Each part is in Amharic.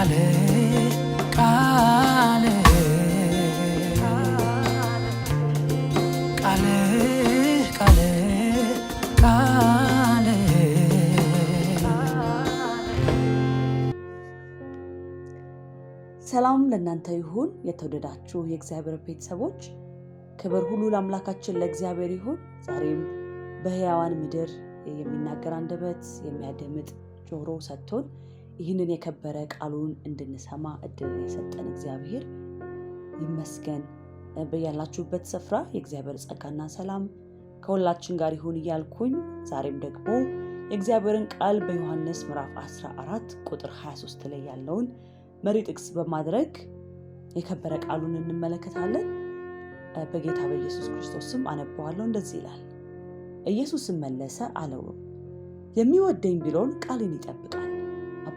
ሰላም ለእናንተ ይሁን። የተወደዳችሁ የእግዚአብሔር ቤተሰቦች ክብር ሁሉ ለአምላካችን ለእግዚአብሔር ይሁን። ዛሬም በህያዋን ምድር የሚናገር አንደበት የሚያደምጥ ጆሮ ሰጥቶን ይህንን የከበረ ቃሉን እንድንሰማ እድል የሰጠን እግዚአብሔር ይመስገን። በያላችሁበት ስፍራ የእግዚአብሔር ጸጋና ሰላም ከሁላችን ጋር ይሁን እያልኩኝ ዛሬም ደግሞ የእግዚአብሔርን ቃል በዮሐንስ ምዕራፍ 14 ቁጥር 23 ላይ ያለውን መሪ ጥቅስ በማድረግ የከበረ ቃሉን እንመለከታለን። በጌታ በኢየሱስ ክርስቶስም አነበዋለሁ። እንደዚህ ይላል። ኢየሱስም መለሰ አለውም የሚወደኝ ቢሎን ቃልን ይጠብቃል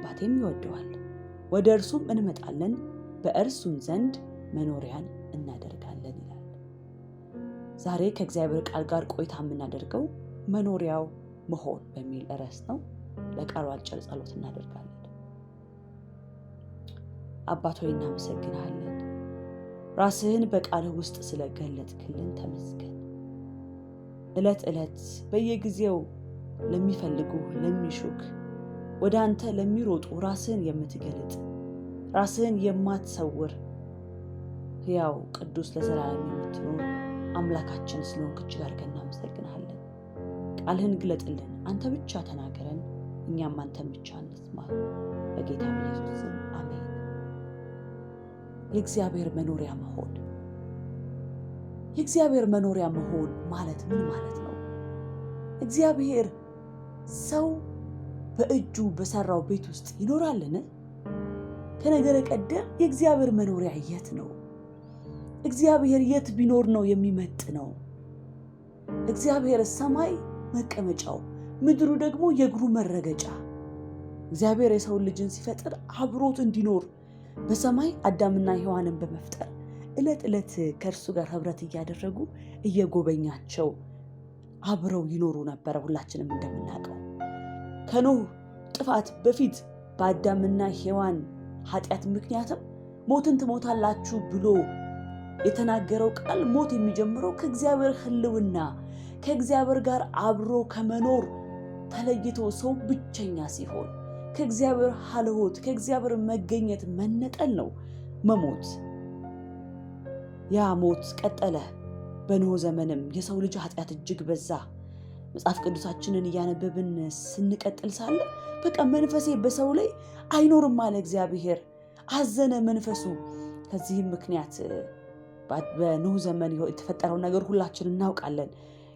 አባቴም ይወደዋል፣ ወደ እርሱም እንመጣለን፣ በእርሱም ዘንድ መኖሪያን እናደርጋለን ይላል። ዛሬ ከእግዚአብሔር ቃል ጋር ቆይታ የምናደርገው መኖሪያው መሆን በሚል ርዕስ ነው። ለቃሉ አጭር ጸሎት እናደርጋለን። አባት ሆይ እናመሰግናለን። ራስህን በቃልህ ውስጥ ስለገለጥክልን ተመስገን። ዕለት ዕለት በየጊዜው ለሚፈልጉ ለሚሹክ ወደ አንተ ለሚሮጡ ራስህን የምትገልጥ ራስህን የማትሰውር ሕያው ቅዱስ ለዘላለም የምትኖር አምላካችን ስለሆንክ እጅግ አድርገን እናመሰግናለን። ቃልህን ግለጥልን። አንተ ብቻ ተናገረን፣ እኛም አንተን ብቻ እንስማ። በጌታ በኢየሱስ ስም አሜን። የእግዚአብሔር መኖሪያ መሆን የእግዚአብሔር መኖሪያ መሆን ማለት ምን ማለት ነው? እግዚአብሔር ሰው በእጁ በሰራው ቤት ውስጥ ይኖራልን? ከነገረ ቀደም የእግዚአብሔር መኖሪያ የት ነው? እግዚአብሔር የት ቢኖር ነው የሚመጥ ነው? እግዚአብሔር ሰማይ መቀመጫው፣ ምድሩ ደግሞ የእግሩ መረገጫ። እግዚአብሔር የሰውን ልጅን ሲፈጥር አብሮት እንዲኖር በሰማይ አዳምና ሔዋንን በመፍጠር ዕለት ዕለት ከእርሱ ጋር ኅብረት እያደረጉ እየጎበኛቸው አብረው ይኖሩ ነበረ። ሁላችንም እንደምናውቀው ከኖህ ጥፋት በፊት በአዳምና ሔዋን ኃጢአት ምክንያትም ሞትን ትሞታላችሁ ብሎ የተናገረው ቃል ሞት የሚጀምረው ከእግዚአብሔር ሕልውና ከእግዚአብሔር ጋር አብሮ ከመኖር ተለይቶ ሰው ብቸኛ ሲሆን ከእግዚአብሔር ሀልሆት ከእግዚአብሔር መገኘት መነጠል ነው መሞት። ያ ሞት ቀጠለ። በኖህ ዘመንም የሰው ልጅ ኃጢአት እጅግ በዛ። መጽሐፍ ቅዱሳችንን እያነበብን ስንቀጥል ሳለ በቃ መንፈሴ በሰው ላይ አይኖርም አለ እግዚአብሔር። አዘነ መንፈሱ። ከዚህም ምክንያት በኖህ ዘመን የተፈጠረውን ነገር ሁላችን እናውቃለን።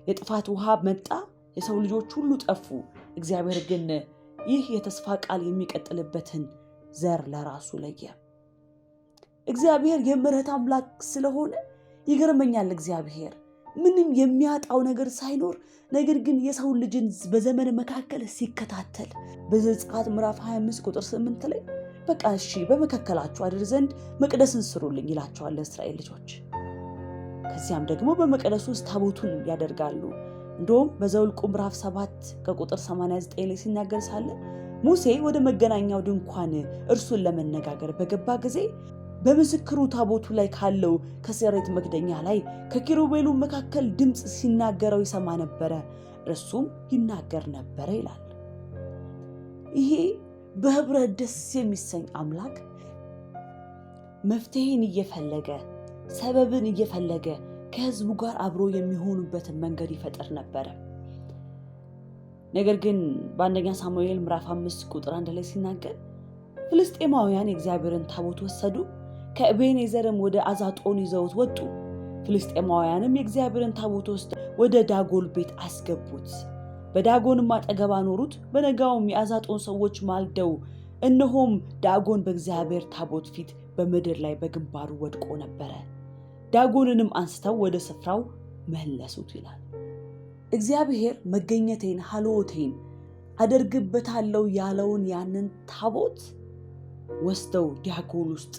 የጥፋት ውሃ መጣ፣ የሰው ልጆች ሁሉ ጠፉ። እግዚአብሔር ግን ይህ የተስፋ ቃል የሚቀጥልበትን ዘር ለራሱ ለየ። እግዚአብሔር የምሕረት አምላክ ስለሆነ ይገርመኛል እግዚአብሔር ምንም የሚያጣው ነገር ሳይኖር ነገር ግን የሰው ልጅን በዘመን መካከል ሲከታተል በዘጸአት ምዕራፍ 25 ቁጥር 8 ላይ በቃ እሺ በመካከላችሁ አድር ዘንድ መቅደስን ስሩልኝ ይላቸዋል ለእስራኤል ልጆች። ከዚያም ደግሞ በመቅደሱ ውስጥ ታቦቱን ያደርጋሉ። እንዲሁም በዘውልቁ ምዕራፍ 7 ከቁጥር 89 ላይ ሲናገር ሳለ ሙሴ ወደ መገናኛው ድንኳን እርሱን ለመነጋገር በገባ ጊዜ በምስክሩ ታቦቱ ላይ ካለው ከሴሬት መክደኛ ላይ ከኪሩቤሉ መካከል ድምፅ ሲናገረው ይሰማ ነበረ፣ እርሱም ይናገር ነበረ ይላል። ይሄ በህብረት ደስ የሚሰኝ አምላክ መፍትሄን እየፈለገ ሰበብን እየፈለገ ከህዝቡ ጋር አብሮ የሚሆኑበትን መንገድ ይፈጥር ነበረ። ነገር ግን በአንደኛ ሳሙኤል ምዕራፍ አምስት ቁጥር አንድ ላይ ሲናገር ፍልስጤማውያን የእግዚአብሔርን ታቦት ወሰዱ ከእቤኔዘርም ወደ አዛጦን ይዘውት ወጡ። ፍልስጤማውያንም የእግዚአብሔርን ታቦት ውስጥ ወደ ዳጎል ቤት አስገቡት። በዳጎንም አጠገብ አኖሩት። በነጋውም የአዛጦን ሰዎች ማልደው፣ እነሆም ዳጎን በእግዚአብሔር ታቦት ፊት በምድር ላይ በግንባሩ ወድቆ ነበረ። ዳጎንንም አንስተው ወደ ስፍራው መለሱት ይላል። እግዚአብሔር መገኘቴን ሀልዎቴን አደርግበታለሁ ያለውን ያንን ታቦት ወስደው ዳጎል ውስጥ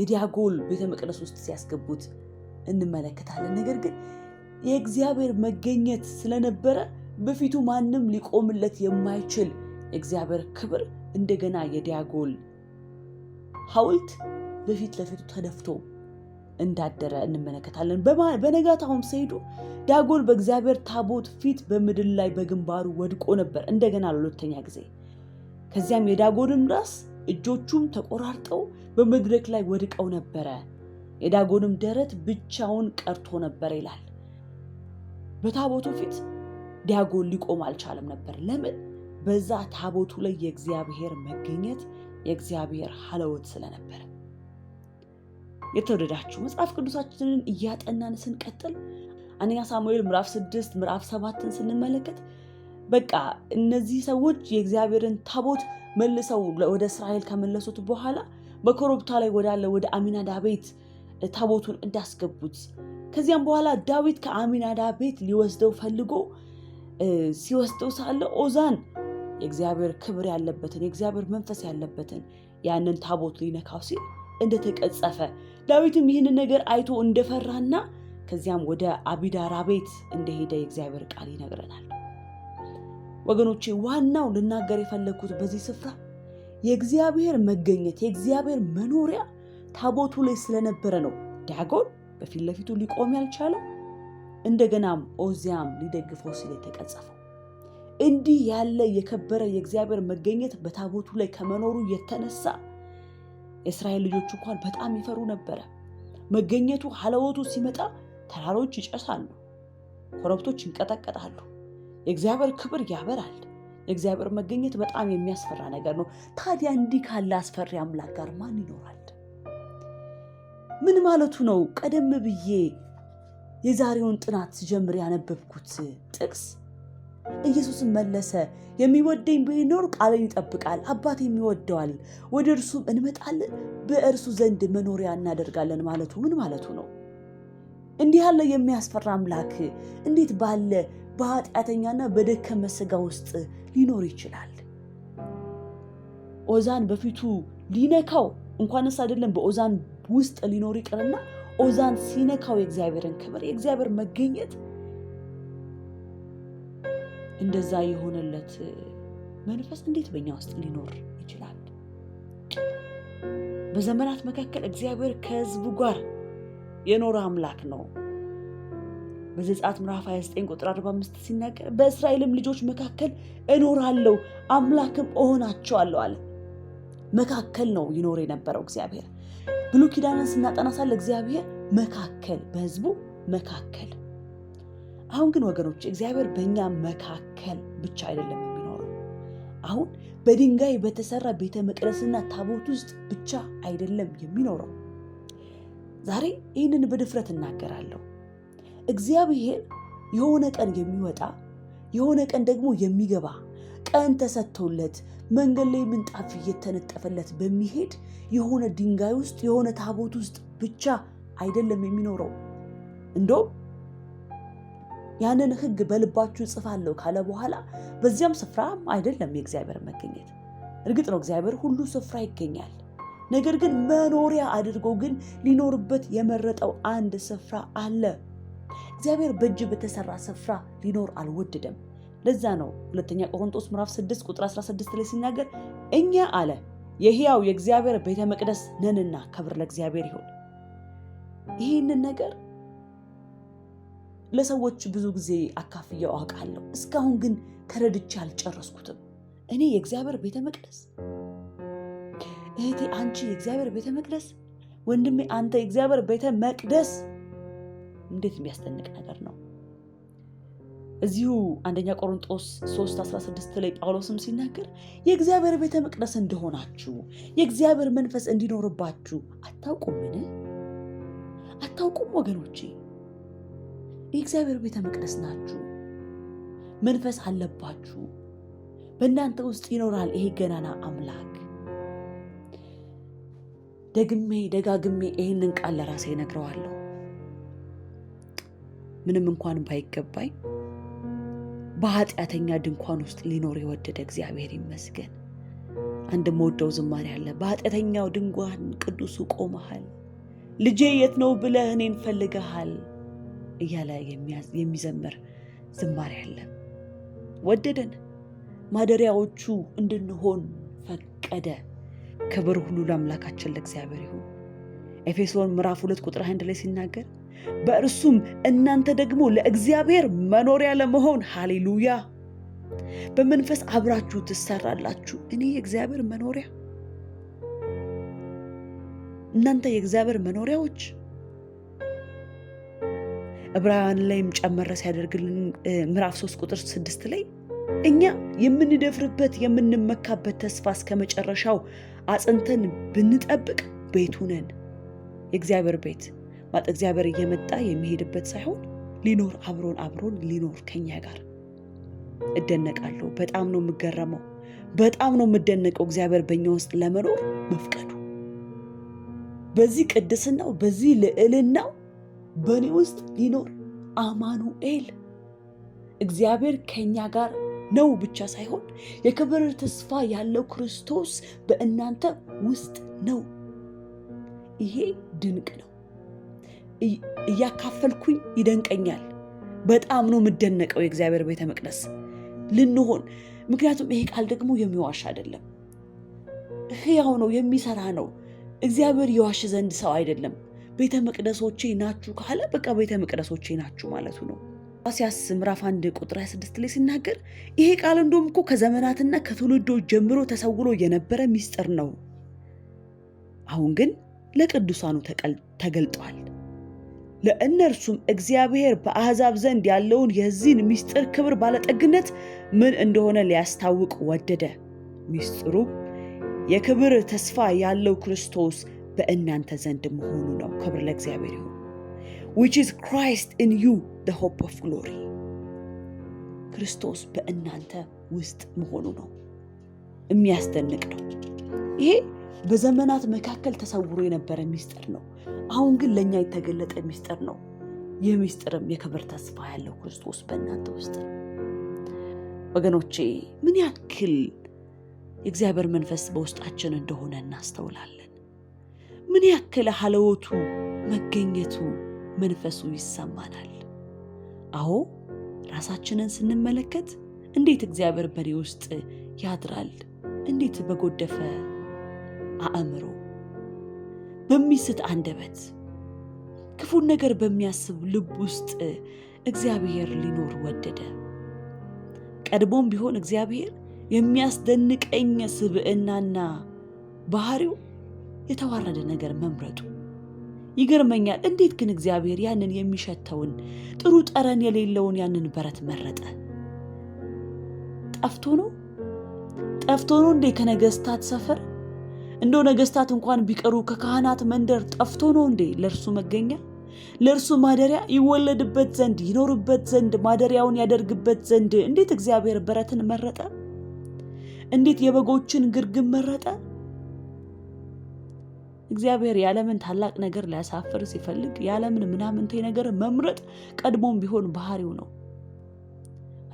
የዲያጎል ቤተ መቅደስ ውስጥ ሲያስገቡት እንመለከታለን። ነገር ግን የእግዚአብሔር መገኘት ስለነበረ በፊቱ ማንም ሊቆምለት የማይችል የእግዚአብሔር ክብር እንደገና የዲያጎል ሐውልት በፊት ለፊቱ ተደፍቶ እንዳደረ እንመለከታለን። በነጋታውም ሲሄዱ ዳጎል በእግዚአብሔር ታቦት ፊት በምድር ላይ በግንባሩ ወድቆ ነበር፣ እንደገና ለሁለተኛ ጊዜ። ከዚያም የዳጎልም ራስ እጆቹም ተቆራርጠው በመድረክ ላይ ወድቀው ነበረ። የዳጎንም ደረት ብቻውን ቀርቶ ነበር ይላል። በታቦቱ ፊት ዲያጎን ሊቆም አልቻለም ነበር። ለምን? በዛ ታቦቱ ላይ የእግዚአብሔር መገኘት የእግዚአብሔር ሀለወት ስለነበረ። የተወደዳችሁ መጽሐፍ ቅዱሳችንን እያጠናን ስንቀጥል አንደኛ ሳሙኤል ምዕራፍ ስድስት ምዕራፍ ሰባትን ስንመለከት በቃ እነዚህ ሰዎች የእግዚአብሔርን ታቦት መልሰው ወደ እስራኤል ከመለሱት በኋላ በኮረብታ ላይ ወዳለ ወደ አሚናዳ ቤት ታቦቱን እንዳስገቡት ከዚያም በኋላ ዳዊት ከአሚናዳ ቤት ሊወስደው ፈልጎ ሲወስደው ሳለ ኦዛን የእግዚአብሔር ክብር ያለበትን የእግዚአብሔር መንፈስ ያለበትን ያንን ታቦት ሊነካው ሲል እንደተቀጸፈ ዳዊትም ይህንን ነገር አይቶ እንደፈራና ከዚያም ወደ አቢዳራ ቤት እንደሄደ የእግዚአብሔር ቃል ይነግረናል። ወገኖቼ ዋናው ልናገር የፈለግኩት በዚህ ስፍራ የእግዚአብሔር መገኘት የእግዚአብሔር መኖሪያ ታቦቱ ላይ ስለነበረ ነው። ዳጎን በፊት ለፊቱ ሊቆም ያልቻለው እንደገናም ኦዚያም ሊደግፈው ሲል የተቀጸፈው እንዲህ ያለ የከበረ የእግዚአብሔር መገኘት በታቦቱ ላይ ከመኖሩ የተነሳ የእስራኤል ልጆች እንኳን በጣም ይፈሩ ነበረ። መገኘቱ ሀለወቱ ሲመጣ ተራሮች ይጨሳሉ፣ ኮረብቶች ይንቀጠቀጣሉ። የእግዚአብሔር ክብር ያበራል። የእግዚአብሔር መገኘት በጣም የሚያስፈራ ነገር ነው። ታዲያ እንዲህ ካለ አስፈሪ አምላክ ጋር ማን ይኖራል? ምን ማለቱ ነው? ቀደም ብዬ የዛሬውን ጥናት ስጀምር ያነበብኩት ጥቅስ ኢየሱስም መለሰ፣ የሚወደኝ ቢኖር ቃሌን ይጠብቃል፣ አባቴም ይወደዋል፣ ወደ እርሱም እንመጣለን፣ በእርሱ ዘንድ መኖሪያ እናደርጋለን ማለቱ ምን ማለቱ ነው? እንዲህ ያለ የሚያስፈራ አምላክ እንዴት ባለ በኃጢአተኛና በደከመ መሰጋ ውስጥ ሊኖር ይችላል። ኦዛን በፊቱ ሊነካው እንኳንስ አይደለም በኦዛን ውስጥ ሊኖር ይቅርና ኦዛን ሲነካው የእግዚአብሔርን ክብር የእግዚአብሔር መገኘት እንደዛ የሆነለት መንፈስ እንዴት በእኛ ውስጥ ሊኖር ይችላል? በዘመናት መካከል እግዚአብሔር ከህዝቡ ጋር የኖረ አምላክ ነው። በዘጸአት ምዕራፍ 29 ቁጥር 45 ሲናገር በእስራኤልም ልጆች መካከል እኖራለሁ አምላክም እሆናቸዋለሁ አለ። መካከል ነው ይኖር የነበረው እግዚአብሔር። ብሉይ ኪዳንን ስናጠና ሳለ እግዚአብሔር መካከል፣ በህዝቡ መካከል። አሁን ግን ወገኖች እግዚአብሔር በእኛ መካከል ብቻ አይደለም የሚኖረው። አሁን በድንጋይ በተሰራ ቤተ መቅደስና ታቦት ውስጥ ብቻ አይደለም የሚኖረው። ዛሬ ይህንን በድፍረት እናገራለሁ። እግዚአብሔር የሆነ ቀን የሚወጣ የሆነ ቀን ደግሞ የሚገባ ቀን ተሰጥቶለት መንገድ ላይ ምንጣፍ እየተነጠፈለት በሚሄድ የሆነ ድንጋይ ውስጥ የሆነ ታቦት ውስጥ ብቻ አይደለም የሚኖረው። እንደውም ያንን ሕግ በልባችሁ ጽፋለሁ ካለ በኋላ በዚያም ስፍራም አይደለም የእግዚአብሔር መገኘት። እርግጥ ነው እግዚአብሔር ሁሉ ስፍራ ይገኛል። ነገር ግን መኖሪያ አድርጎ ግን ሊኖርበት የመረጠው አንድ ስፍራ አለ። እግዚአብሔር በእጅ በተሰራ ስፍራ ሊኖር አልወደደም። ለዛ ነው ሁለተኛ ቆሮንጦስ ምዕራፍ 6 ቁጥር 16 ላይ ሲናገር እኛ አለ የሕያው የእግዚአብሔር ቤተ መቅደስ ነንና ክብር ለእግዚአብሔር ይሁን። ይህንን ነገር ለሰዎች ብዙ ጊዜ አካፍየው አውቃለሁ። እስካሁን ግን ተረድቼ አልጨረስኩትም። እኔ የእግዚአብሔር ቤተ መቅደስ፣ እህቴ አንቺ የእግዚአብሔር ቤተ መቅደስ፣ ወንድሜ አንተ የእግዚአብሔር ቤተ መቅደስ እንዴት የሚያስደንቅ ነገር ነው። እዚሁ አንደኛ ቆሮንጦስ 3 16 ላይ ጳውሎስም ሲናገር የእግዚአብሔር ቤተ መቅደስ እንደሆናችሁ የእግዚአብሔር መንፈስ እንዲኖርባችሁ አታውቁምን? አታውቁም? ወገኖቼ የእግዚአብሔር ቤተ መቅደስ ናችሁ። መንፈስ አለባችሁ። በእናንተ ውስጥ ይኖራል ይሄ ገናና አምላክ። ደግሜ ደጋግሜ ይህንን ቃል ለራሴ ነግረዋለሁ ምንም እንኳን ባይገባኝ በኃጢአተኛ ድንኳን ውስጥ ሊኖር የወደደ እግዚአብሔር ይመስገን። አንድ መወደው ዝማሬ አለ። በኃጢአተኛው ድንኳን ቅዱሱ ቆመሃል፣ ልጄ የት ነው ብለ እኔን ፈልገሃል እያለ የሚዘምር ዝማሬ አለ። ወደደን፣ ማደሪያዎቹ እንድንሆን ፈቀደ። ክብር ሁሉ ለአምላካችን ለእግዚአብሔር ይሁን። ኤፌሶን ምዕራፍ ሁለት ቁጥር አንድ ላይ ሲናገር በእርሱም እናንተ ደግሞ ለእግዚአብሔር መኖሪያ ለመሆን ሃሌሉያ በመንፈስ አብራችሁ ትሰራላችሁ። እኔ የእግዚአብሔር መኖሪያ፣ እናንተ የእግዚአብሔር መኖሪያዎች። ዕብራውያን ላይም ጨመረ ሲያደርግልን ምዕራፍ 3 ቁጥር 6 ላይ እኛ የምንደፍርበት የምንመካበት ተስፋ እስከ መጨረሻው አጽንተን ብንጠብቅ ቤቱ ነን የእግዚአብሔር ቤት ማለት እግዚአብሔር እየመጣ የሚሄድበት ሳይሆን ሊኖር አብሮን አብሮን ሊኖር ከኛ ጋር እደነቃለሁ። በጣም ነው የምገረመው። በጣም ነው የምደነቀው እግዚአብሔር በእኛ ውስጥ ለመኖር መፍቀዱ በዚህ ቅድስናው በዚህ ልዕልናው በእኔ ውስጥ ሊኖር አማኑኤል እግዚአብሔር ከእኛ ጋር ነው ብቻ ሳይሆን የክብር ተስፋ ያለው ክርስቶስ በእናንተ ውስጥ ነው። ይሄ ድንቅ ነው። እያካፈልኩኝ ይደንቀኛል። በጣም ነው የምደነቀው የእግዚአብሔር ቤተ መቅደስ ልንሆን። ምክንያቱም ይሄ ቃል ደግሞ የሚዋሽ አይደለም፣ ሕያው ነው፣ የሚሰራ ነው። እግዚአብሔር የዋሽ ዘንድ ሰው አይደለም። ቤተ መቅደሶቼ ናችሁ ካለ በቃ ቤተ መቅደሶቼ ናችሁ ማለቱ ነው። ሲያስ ምዕራፍ 1 ቁጥር 26 ላይ ሲናገር ይሄ ቃል እንደውም እኮ ከዘመናትና ከትውልዶች ጀምሮ ተሰውሮ የነበረ ሚስጥር ነው፣ አሁን ግን ለቅዱሳኑ ተገልጧል። ለእነርሱም እግዚአብሔር በአሕዛብ ዘንድ ያለውን የዚህን ምስጢር ክብር ባለጠግነት ምን እንደሆነ ሊያስታውቅ ወደደ። ምስጢሩ የክብር ተስፋ ያለው ክርስቶስ በእናንተ ዘንድ መሆኑ ነው። ክብር ለእግዚአብሔር ይሁን። ዊች ኢዝ ክራይስት ኢን ዩ ዘ ሆፕ ኦፍ ግሎሪ ክርስቶስ በእናንተ ውስጥ መሆኑ ነው። የሚያስደንቅ ነው ይሄ በዘመናት መካከል ተሰውሮ የነበረ ሚስጥር ነው። አሁን ግን ለእኛ የተገለጠ ሚስጥር ነው። ይህ ሚስጥርም የክብር ተስፋ ያለው ክርስቶስ በእናንተ ውስጥ ነው። ወገኖቼ ምን ያክል የእግዚአብሔር መንፈስ በውስጣችን እንደሆነ እናስተውላለን። ምን ያክል ሀለወቱ መገኘቱ መንፈሱ ይሰማናል። አዎ ራሳችንን ስንመለከት እንዴት እግዚአብሔር በእኔ ውስጥ ያድራል፣ እንዴት በጎደፈ አእምሮ፣ በሚስት አንደበት፣ ክፉን ነገር በሚያስብ ልብ ውስጥ እግዚአብሔር ሊኖር ወደደ። ቀድሞም ቢሆን እግዚአብሔር የሚያስደንቀኝ ስብዕናና ባህሪው የተዋረደ ነገር መምረጡ ይገርመኛል። እንዴት ግን እግዚአብሔር ያንን የሚሸተውን ጥሩ ጠረን የሌለውን ያንን በረት መረጠ? ጠፍቶ ነው? ጠፍቶ ነው እንዴ ከነገስታት ሰፈር እንደው ነገስታት እንኳን ቢቀሩ ከካህናት መንደር ጠፍቶ ነው እንዴ ለእርሱ መገኛ ለእርሱ ማደሪያ ይወለድበት ዘንድ ይኖርበት ዘንድ ማደሪያውን ያደርግበት ዘንድ እንዴት እግዚአብሔር በረትን መረጠ? እንዴት የበጎችን ግርግም መረጠ? እግዚአብሔር የዓለምን ታላቅ ነገር ሊያሳፍር ሲፈልግ የዓለምን ምናምንቴ ነገር መምረጥ ቀድሞም ቢሆን ባህሪው ነው።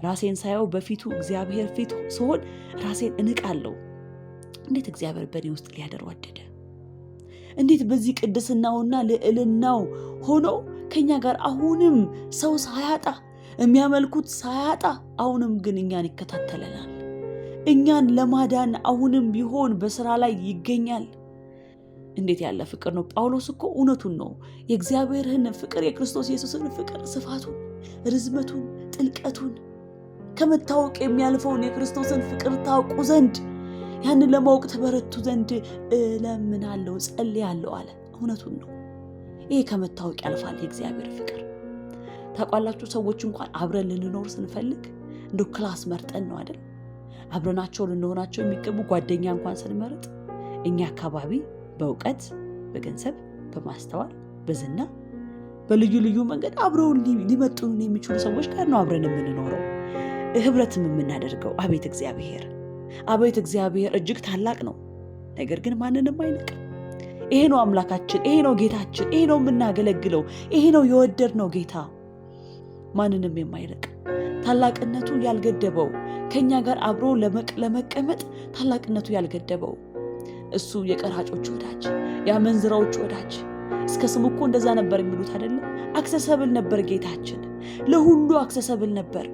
ራሴን ሳየው በፊቱ እግዚአብሔር ፊት ስሆን ራሴን እንቃለሁ። እንዴት እግዚአብሔር በእኔ ውስጥ ሊያደር ወደደ? እንዴት በዚህ ቅድስናውና ልዕልናው ሆኖ ከኛ ጋር አሁንም ሰው ሳያጣ የሚያመልኩት ሳያጣ አሁንም ግን እኛን ይከታተለናል። እኛን ለማዳን አሁንም ቢሆን በስራ ላይ ይገኛል። እንዴት ያለ ፍቅር ነው! ጳውሎስ እኮ እውነቱን ነው። የእግዚአብሔርን ፍቅር የክርስቶስ ኢየሱስን ፍቅር ስፋቱን፣ ርዝመቱን፣ ጥልቀቱን ከመታወቅ የሚያልፈውን የክርስቶስን ፍቅር ታውቁ ዘንድ ያንን ለማወቅ ተበረቱ ዘንድ እለምናለሁ፣ ጸልያለሁ አለ። እውነቱን ነው። ይሄ ከመታወቅ ያልፋል የእግዚአብሔር ፍቅር። ታውቋላችሁ፣ ሰዎች እንኳን አብረን ልንኖር ስንፈልግ እንደ ክላስ መርጠን ነው አይደል? አብረናቸው ልንሆናቸው የሚገቡ ጓደኛ እንኳን ስንመርጥ እኛ አካባቢ በእውቀት፣ በገንዘብ፣ በማስተዋል፣ በዝና፣ በልዩ ልዩ መንገድ አብረውን ሊመጡን የሚችሉ ሰዎች ጋር ነው አብረን የምንኖረው፣ ህብረትም የምናደርገው። አቤት እግዚአብሔር አቤት እግዚአብሔር እጅግ ታላቅ ነው፣ ነገር ግን ማንንም አይንቅም። ይሄ ነው አምላካችን፣ ይሄ ነው ጌታችን፣ ይሄ ነው የምናገለግለው፣ ይሄ ነው የወደድነው ጌታ። ማንንም የማይንቅ ታላቅነቱ ያልገደበው ከእኛ ጋር አብሮ ለመቀመጥ ታላቅነቱ ያልገደበው እሱ የቀራጮች ወዳጅ፣ የአመንዝራዎች ወዳጅ እስከ ስም እኮ እንደዛ ነበር የሚሉት አይደለም። አክሰሰብል ነበር ጌታችን፣ ለሁሉ አክሰሰብል ነበር።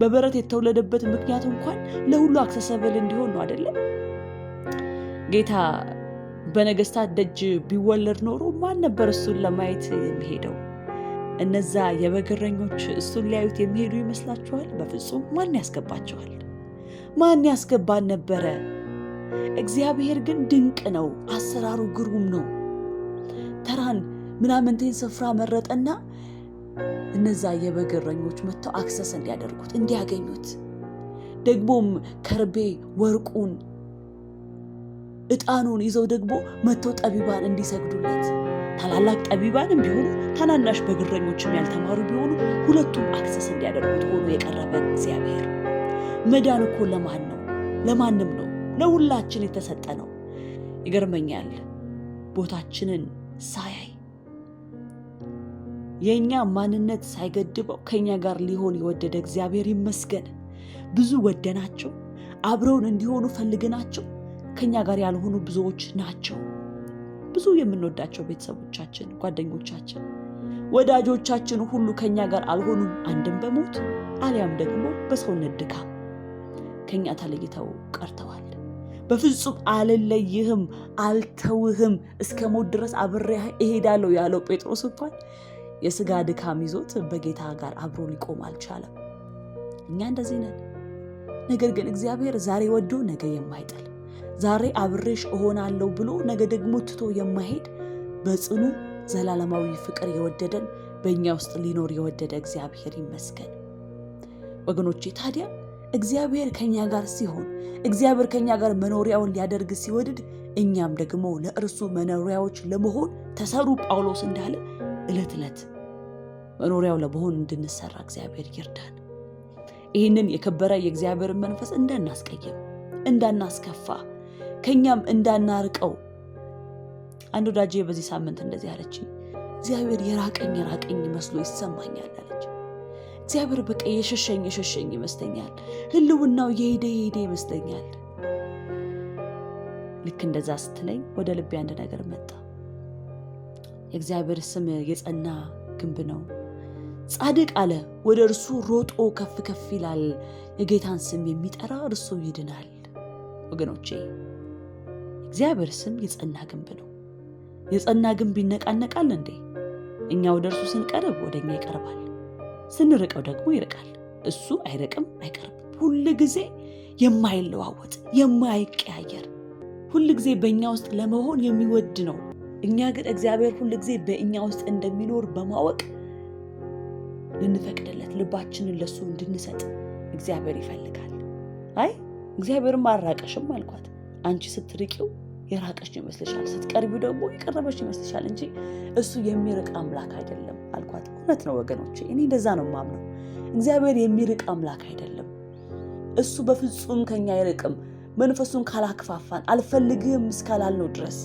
በበረት የተወለደበት ምክንያት እንኳን ለሁሉ አክሰሰብል እንዲሆን ነው አይደለም። ጌታ በነገስታት ደጅ ቢወለድ ኖሮ ማን ነበር እሱን ለማየት የሚሄደው? እነዛ የበግረኞች እሱን ሊያዩት የሚሄዱ ይመስላችኋል? በፍጹም። ማን ያስገባቸዋል? ማን ያስገባን ነበረ? እግዚአብሔር ግን ድንቅ ነው። አሰራሩ ግሩም ነው። ተራን ምናምንቴን ስፍራ መረጠና እነዛ የበግ እረኞች መጥተው አክሰስ እንዲያደርጉት እንዲያገኙት ደግሞም ከርቤ ወርቁን እጣኑን ይዘው ደግሞ መጥተው ጠቢባን እንዲሰግዱለት ታላላቅ ጠቢባንም ቢሆኑ ታናናሽ በግረኞችም ያልተማሩ ቢሆኑ ሁለቱም አክሰስ እንዲያደርጉት ሆኖ የቀረበ እግዚአብሔር መዳን እኮ ለማን ነው? ለማንም ነው። ለሁላችን የተሰጠ ነው። ይገርመኛል ቦታችንን ሳያይ የእኛ ማንነት ሳይገድበው ከእኛ ጋር ሊሆን የወደደ እግዚአብሔር ይመስገን። ብዙ ወደናቸው አብረውን እንዲሆኑ ፈልገናቸው ከእኛ ጋር ያልሆኑ ብዙዎች ናቸው። ብዙ የምንወዳቸው ቤተሰቦቻችን፣ ጓደኞቻችን፣ ወዳጆቻችን ሁሉ ከእኛ ጋር አልሆኑም። አንድም በሞት አሊያም ደግሞ በሰውነት ድካም ከእኛ ተለይተው ቀርተዋል። በፍጹም አልለይህም፣ አልተውህም፣ እስከ ሞት ድረስ አብሬ እሄዳለሁ ያለው ጴጥሮስ እንኳን የስጋ ድካም ይዞት በጌታ ጋር አብሮ ሊቆም አልቻለም። እኛ እንደዚህ ነን። ነገር ግን እግዚአብሔር ዛሬ ወዶ ነገ የማይጥል ዛሬ አብሬሽ እሆናለሁ ብሎ ነገ ደግሞ ትቶ የማይሄድ በጽኑ ዘላለማዊ ፍቅር የወደደን በእኛ ውስጥ ሊኖር የወደደ እግዚአብሔር ይመስገን። ወገኖቼ ታዲያ እግዚአብሔር ከእኛ ጋር ሲሆን እግዚአብሔር ከእኛ ጋር መኖሪያውን ሊያደርግ ሲወድድ እኛም ደግሞ ለእርሱ መኖሪያዎች ለመሆን ተሰሩ ጳውሎስ እንዳለ ዕለት ዕለት መኖሪያው ለመሆን እንድንሰራ እግዚአብሔር ይርዳን። ይህንን የከበረ የእግዚአብሔርን መንፈስ እንዳናስቀይም፣ እንዳናስከፋ፣ ከእኛም እንዳናርቀው። አንድ ወዳጄ በዚህ ሳምንት እንደዚህ አለችኝ። እግዚአብሔር የራቀኝ የራቀኝ መስሎ ይሰማኛል አለች። እግዚአብሔር በቃ የሸሸኝ የሸሸኝ ይመስለኛል። ህልውናው የሄደ የሄደ ይመስለኛል። ልክ እንደዛ ስትለኝ ወደ ልቤ አንድ ነገር መጣ። የእግዚአብሔር ስም የጸና ግንብ ነው። ጻድቅ አለ ወደ እርሱ ሮጦ ከፍ ከፍ ይላል። የጌታን ስም የሚጠራ እርሱ ይድናል። ወገኖቼ እግዚአብሔር ስም የጸና ግንብ ነው። የጸና ግንብ ይነቃነቃል እንዴ? እኛ ወደ እርሱ ስንቀርብ ወደ እኛ ይቀርባል፣ ስንርቀው ደግሞ ይርቃል። እሱ አይርቅም፣ አይቀርብ ሁል ጊዜ የማይለዋወጥ የማይቀያየር ሁል ጊዜ በእኛ ውስጥ ለመሆን የሚወድ ነው። እኛ ግን እግዚአብሔር ሁል ጊዜ በእኛ ውስጥ እንደሚኖር በማወቅ ልንፈቅድለት፣ ልባችንን ለሱ እንድንሰጥ እግዚአብሔር ይፈልጋል። አይ እግዚአብሔርም አራቀሽም አልኳት። አንቺ ስትርቂው የራቀሽ ይመስልሻል፣ ስትቀርቢው ደግሞ የቀረበሽ ይመስልሻል እንጂ እሱ የሚርቅ አምላክ አይደለም አልኳት። እውነት ነው ወገኖች እኔ እንደዛ ነው ማምነው። እግዚአብሔር የሚርቅ አምላክ አይደለም። እሱ በፍጹም ከኛ አይርቅም። መንፈሱን ካላክፋፋን አልፈልግህም እስካላልነው ድረስ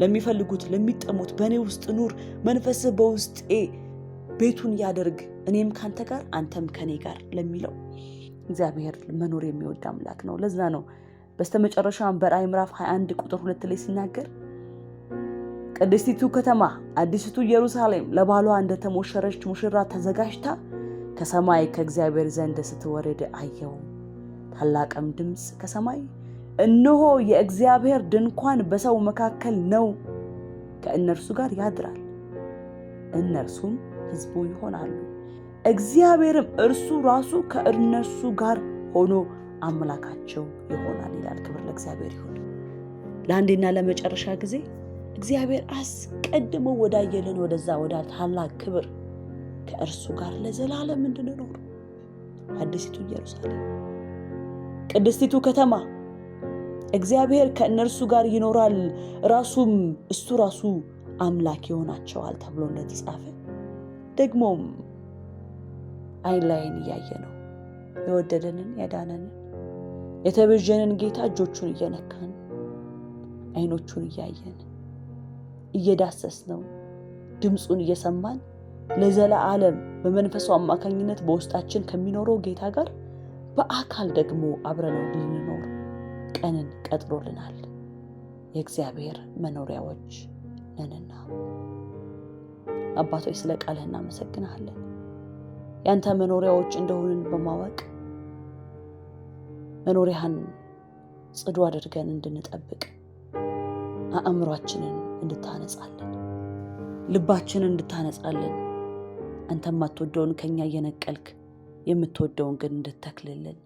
ለሚፈልጉት ለሚጠሙት በእኔ ውስጥ ኑር መንፈስህ በውስጤ ቤቱን ያደርግ እኔም ካንተ ጋር አንተም ከኔ ጋር ለሚለው እግዚአብሔር መኖር የሚወድ አምላክ ነው። ለዛ ነው በስተመጨረሻ በራእይ ምዕራፍ 21 ቁጥር ሁለት ላይ ሲናገር ቅድስቲቱ ከተማ አዲስቱ ኢየሩሳሌም ለባሏ እንደተሞሸረች ሙሽራ ተዘጋጅታ ከሰማይ ከእግዚአብሔር ዘንድ ስትወርድ አየው። ታላቅም ድምፅ ከሰማይ እነሆ የእግዚአብሔር ድንኳን በሰው መካከል ነው፣ ከእነርሱ ጋር ያድራል፣ እነርሱም ሕዝቡ ይሆናሉ። እግዚአብሔርም እርሱ ራሱ ከእነሱ ጋር ሆኖ አምላካቸው ይሆናል ይላል። ክብር ለእግዚአብሔር ይሁን። ለአንዴና ለመጨረሻ ጊዜ እግዚአብሔር አስቀድሞ ወዳየልን ወደዛ ወዳ ታላቅ ክብር ከእርሱ ጋር ለዘላለም እንድንኖር አዲሲቱ ኢየሩሳሌም፣ ቅድስቲቱ ከተማ እግዚአብሔር ከእነርሱ ጋር ይኖራል፣ ራሱም እሱ ራሱ አምላክ ይሆናቸዋል ተብሎ እንደተጻፈ ደግሞም አይን ላይን እያየ ነው የወደደንን ያዳነንን የተቤዠንን ጌታ እጆቹን እየነካን አይኖቹን እያየን እየዳሰስ ነው ድምፁን እየሰማን ለዘላ ዓለም በመንፈሱ አማካኝነት በውስጣችን ከሚኖረው ጌታ ጋር በአካል ደግሞ አብረነው ልንኖር ቀንን ቀጥሮልናል። የእግዚአብሔር መኖሪያዎች ነንና አባቶች ስለ ቃልህ እናመሰግናለን። ያንተ መኖሪያዎች እንደሆንን በማወቅ መኖሪያህን ጽዱ አድርገን እንድንጠብቅ አእምሯችንን እንድታነጻለን፣ ልባችንን እንድታነጻለን። አንተ የማትወደውን ከኛ እየነቀልክ የምትወደውን ግን እንድተክልልን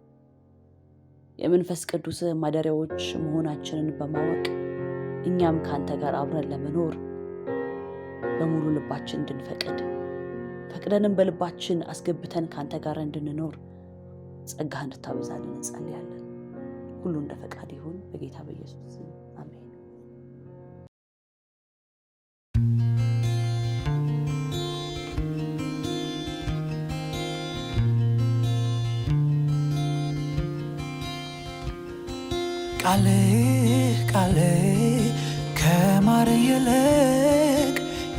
የመንፈስ ቅዱስ ማደሪያዎች መሆናችንን በማወቅ እኛም ከአንተ ጋር አብረን ለመኖር በሙሉ ልባችን እንድንፈቅድ ፈቅደንም በልባችን አስገብተን ከአንተ ጋር እንድንኖር ጸጋ እንድታበዛልን እንጸልያለን። ሁሉ እንደ ፈቃድ ይሁን በጌታ በኢየሱስ አሜን። ቃሌ ቃሌ ከማር ይልቅ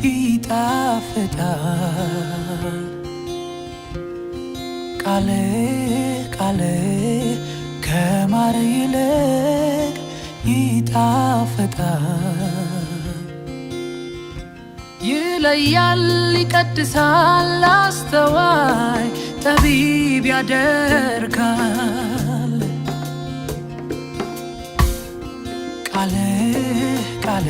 ይጣፍጣል ቃል ቃል ከማር ይልቅ ይጣፍጣል ይለያል ይቀድሳል አስተዋይ ጠቢብ ያደርጋል ቃል ቃል